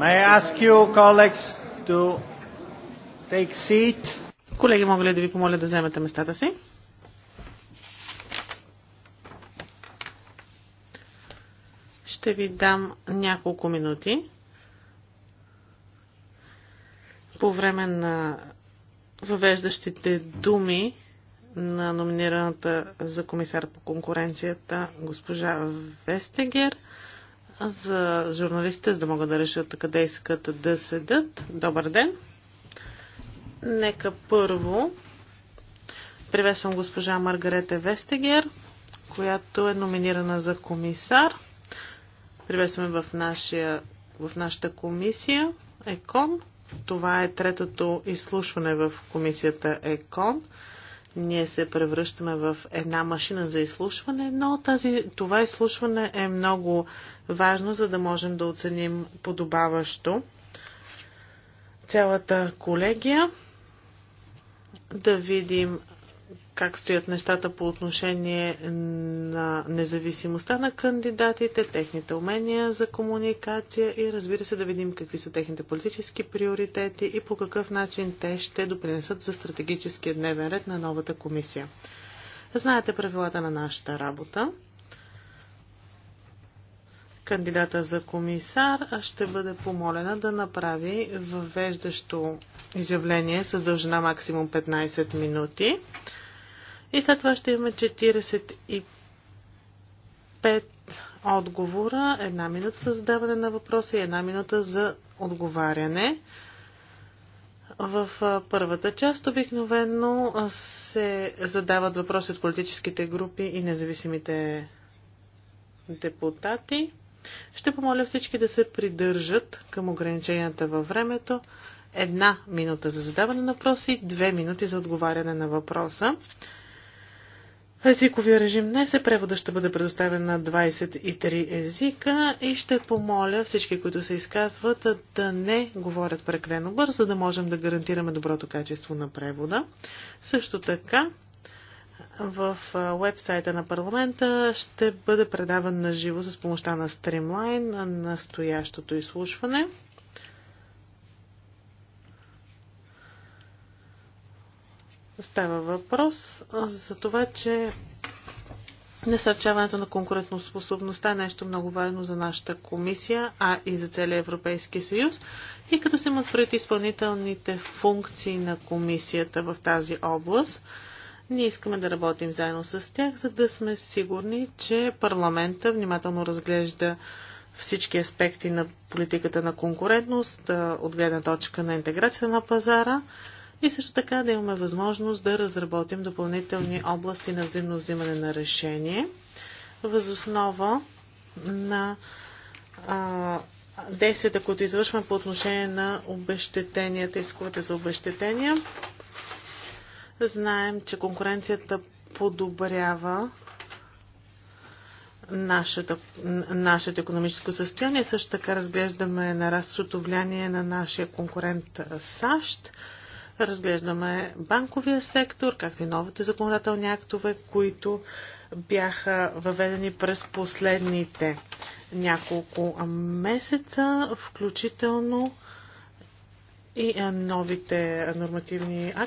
May I ask you, colleagues, to take seat? Колеги, мога ли да ви помоля да вземете местата си? Ще ви дам няколко минути по време на въвеждащите думи на номинираната за комисар по конкуренцията госпожа Вестегер – за журналистите, за да могат да решат къде искат да седат. Добър ден! Нека първо приветствам госпожа Маргарета Вестегер, която е номинирана за комисар. Приветстваме в, нашия, в нашата комисия ЕКОН. Това е третото изслушване в комисията ЕКОН ние се превръщаме в една машина за изслушване, но тази, това изслушване е много важно, за да можем да оценим подобаващо цялата колегия, да видим как стоят нещата по отношение на независимостта на кандидатите, техните умения за комуникация и разбира се да видим какви са техните политически приоритети и по какъв начин те ще допринесат за стратегическия дневен ред на новата комисия. Знаете правилата на нашата работа. Кандидата за комисар ще бъде помолена да направи въвеждащо изявление с дължина максимум 15 минути. И след това ще имаме 45 отговора, една минута за задаване на въпроса и една минута за отговаряне. В първата част обикновено се задават въпроси от политическите групи и независимите депутати. Ще помоля всички да се придържат към ограниченията във времето. Една минута за задаване на въпроси, две минути за отговаряне на въпроса. Езиковия режим днес е превода ще бъде предоставен на 23 езика и ще помоля всички, които се изказват, да не говорят прекалено бързо, за да можем да гарантираме доброто качество на превода. Също така, в вебсайта на парламента ще бъде предаван на живо с помощта на стримлайн на настоящото изслушване. Става въпрос за това, че насърчаването на конкурентоспособността е нещо много важно за нашата комисия, а и за целия Европейски съюз. И като се имат пред изпълнителните функции на комисията в тази област, ние искаме да работим заедно с тях, за да сме сигурни, че парламента внимателно разглежда всички аспекти на политиката на конкурентност, от гледна точка на интеграция на пазара и също така да имаме възможност да разработим допълнителни области на взаимно взимане на решение, възоснова на а, действията, които извършваме по отношение на обещетенията, исковете за обещетения. Знаем, че конкуренцията подобрява нашето, нашето економическо състояние. Също така разглеждаме нарастващото влияние на нашия конкурент САЩ. Разглеждаме банковия сектор, както и новите законодателни актове, които бяха въведени през последните няколко месеца, включително и новите нормативни актове,